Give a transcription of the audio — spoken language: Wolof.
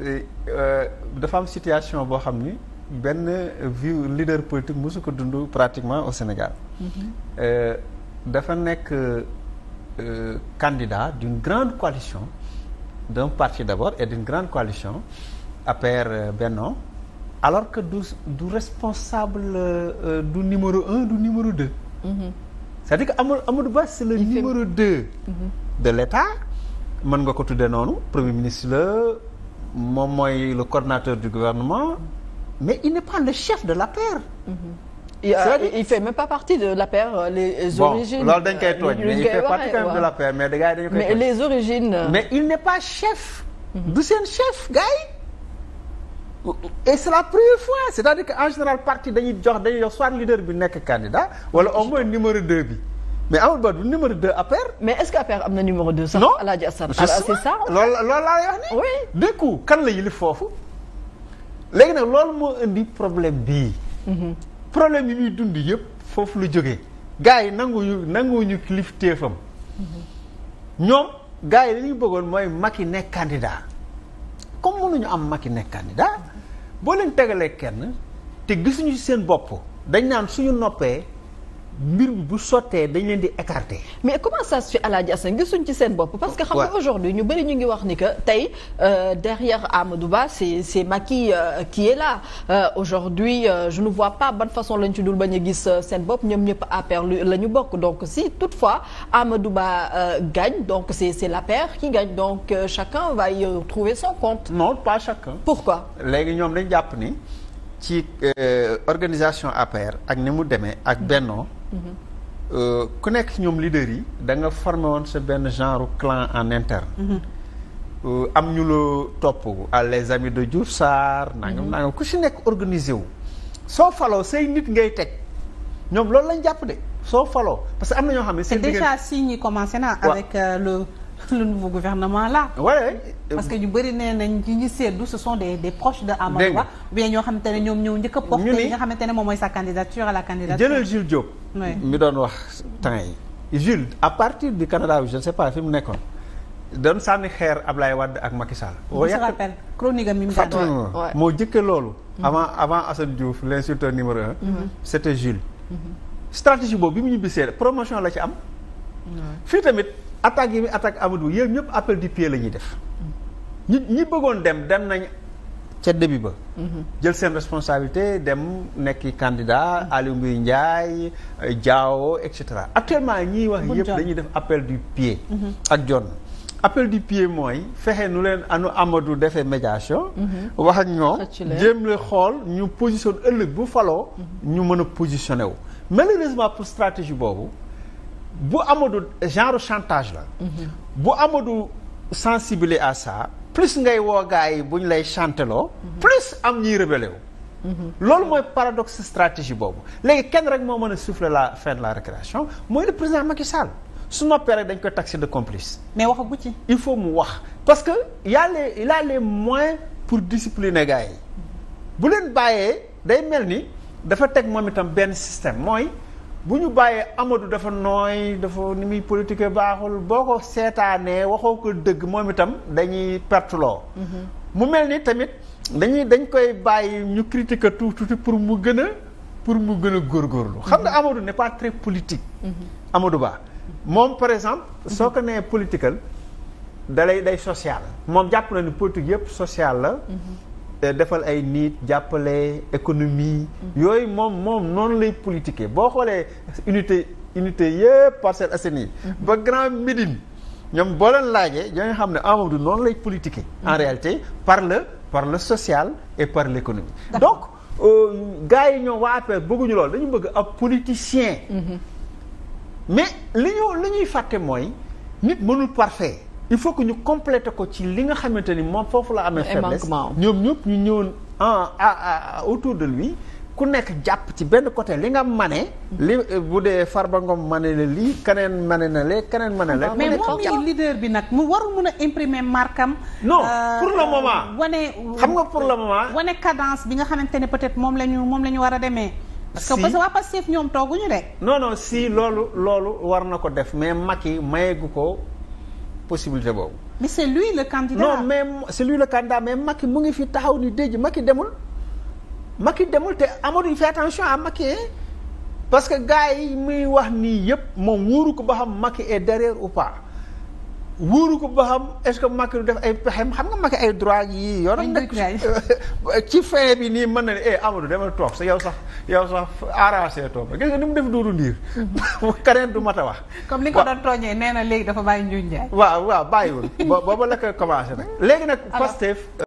Euh, euh, dafa am situation boo xam ni benn view leader politique mosu ko dund pratiquement au Sénégal. Mhm. Euh, dafa nekk candidat d'une grande coalition d'un parti d'abord et d'une grande coalition APR Benno alors que du du responsable du numéro un du numéro deux. mm di que amul Amadou Ba c'est le deux. Mhm. de l'État mën nga ko tuddee noonu premier ministre la. moom mooy le coordinateur du gouvernement mais il n'est pas le chef de la il, il fait même pas partie de l'APR euh, les origines bon loolu dañ koy euh, tooñ mais il fait partie quand même de l'APR mais gars yi dañu koy mais les origines euh, mais il n'est pas chef mhm. du chef gars et c'est la première fois c'est-à-dire que en général parti dañuy jox dañuy jox soit leader bi nekk candidat wala au moins numéro 2 bi mais Amadou Ba du numéro mais est-ce que APR am na numéro 2. sax El Hadj Assane non justement loolu laa lay ni oui du coup kan la yilif foofu. léegi nag loolu moo indi problème bii. Mhm. problème yi ñuy dund yëpp foofu lu jóge gars yi nangu nanguñu nanguñu kilifteefam. Mhm. ñoom gars yi li bëggoon mooy Macky nekk candidat comme mënuñu am Macky nekk candidat boo leen tegalee kenn te gisuñu seen bopp dañ naan suñu noppee. mbir bi bu sottee dañ leen di écarter. mais comment ça se fait Alaaji Assane gisuñ ci seen bopp. parce que xam nga aujourd'hui ñu bëri ñu ngi wax ni que tey euh, derrière Amadou Ba c'est c'est Macky euh, qui est là euh, aujourd'hui je ne vois pas ban façon lañ ci dul bañ a gis seen bopp ñoom ñëpp APR la ñu bokk donc si toutefois Amadou Ba gagne donc c'est c'est l'APR qui gagne donc chacun va y trouver son compte. non pas chacun. pourquoi. léegi ñoom lañ jàpp ni ci organisation APR ak ni mu demee ak Benno Euh, ku nekk ci ñoom leader yi da nga sa benn genre clan en interne. Mhm. Euh, am ñu la topp à les amis de Diouf Sarr. nangam mhm. nangam ku si nekk organisé soo faloo say nit ngay teg ñoom loolu lañ jàpp de soo faloo parce que am na ñoo xam ne. seen déjà si ñi commencé na. avec euh, le. le nouveau gouvernement là. Ouais. parce que ñu bëri nee nañ ñi ñu seddu ce sont des des proches de Amadou Ba ou ñoo xamante ne ñoom ñëw njëkk a porté li nga xamante ne moom mooy sa candidature à la candidature. jëlal Jules Diop. mi doon wax temps yi. Jules à partir du Canada je ne sais fi mu nekkoon doon sànni xeer Ablaye Wade ak Macky moo jëkke loolu. Mhm. avant avant Assane Diouf l'insulteur numéro un. Mhm. c'était Jules. Mhm. stratégie boobu bi mu ñu bisee promotion la ci am. fii tamit. attaque yi muy attaque Amadou yéen ñëpp appel du pied lañuy def ñi ñi bëggoon dem dem nañ ca début ba. Mhm. jël seen responsabilité dem nekk candidat mhm. Aliou Ngouye Ndiaye Diao et cetera actuellement ñiy wax yëpp dañuy def appel du pied. Mhm. ak John appel du pie mooy fexe nu leen anu Amadou defe médiation. wax ak ñoom jéem la xool ñu position ëllëg bu faloo. ñu mën a positionné wu malheureusement pour stratégie boobu. bu Amadou genre chantage la. Mhm. bu Amadou sensibiliser à ça. plus ngay woo gars yi bu ñu lay chanteloo. Mhm. plus am ñuy rébellé mhm. loolu mooy paradoxe stratégie boobu léegi kenn rek moo mën a souffler la fin de la récréation mooy le président Macky Sall. su noppee rek dañ koy taxé de complice. mais bu ci. il faut mu wax parce que y a les il pour discipliner gars yi bu leen bàyyee day mel ni dafa teg moom itam benn système mooy. bu ñu bàyyee Amadou dafa nooy dafa ni muy politique baaxul boo ko seetaanee waxoo ko dëgg moom itam dañuy perteloo mm-hmm. mu mel ni tamit dañuy dañ koy bàyyi ñu critiquer tout tuuti pour mu gën a pour mu gën a góorgóorlu xam ne mm-hmm. Amadou ne pas très politique mm-hmm. amadu Ba moom par exemple soo ko nee political dalay day social moom jàpp na ni politique yëpp social la defal ay nit jàppale économie. Mm-hmm. yooyu moom moom noonu lay politiquer boo xoolee unité unité yëpp Parcelles Assainies mm-hmm. ba Grand Médine ñoom boo leen laajee ñoo ngi xam ne Amadou noonu lay politiquer. en mm-hmm. réalité par la par la sociale et par l'économie. donc euh, gars yi ñoom waa APR bëgguñu loolu dañu bëgg ab politicien. mais li ñu li ñuy fàtte mooy nit mënul parfait. il faut que ñu compléter ko ci li nga xamante ni moom foofu la amee faiblesse ñoom ñëpp ñu ñëwoon en autour de lui ku nekk jàpp ci benn côté li nga mane li bu dee Farba Ngom mane la lii keneen mane na lee keneen mane la mais moom mii leader bi nag mu warul mën a imprimer markam non euh, pour le moment wane xam nga pour le moment wane cadence bi nga xamante ne peut-être moom la ñu moom la ñu war a demee parce que parce que waa Pastef ñoom tooguñu rek non non si loolu loolu war na ko def mais Macky mayeegu ko possibilité boobu. mais c'est lui le candidat. non mais c'est lui le candidat mais Macky mu ngi fi taxaw ni déj Macky demul. Macky demul te Amadou il fait attention à Macky parce que gars yi muy wax nii yëpp moom wóoru ko ba xam Macky est derrière ou pas. wóoru ko ba xam est-ce que Macky du def ay pexem xam nga Macky ay droit yii yoonam nekk ci fin bi nii mën na ne eh Amadou demal toog sa yow sax yow sax arrangé toog gis nga ni mu def Doudou Ndir mm-hmm. keneen du mat a wax comme li ko doon tooñee nee na léegi dafa bàyyi njuñ njaay waaw waaw bàyyiwul booba la ko commencé nag mm-hmm. léegi nag Pastef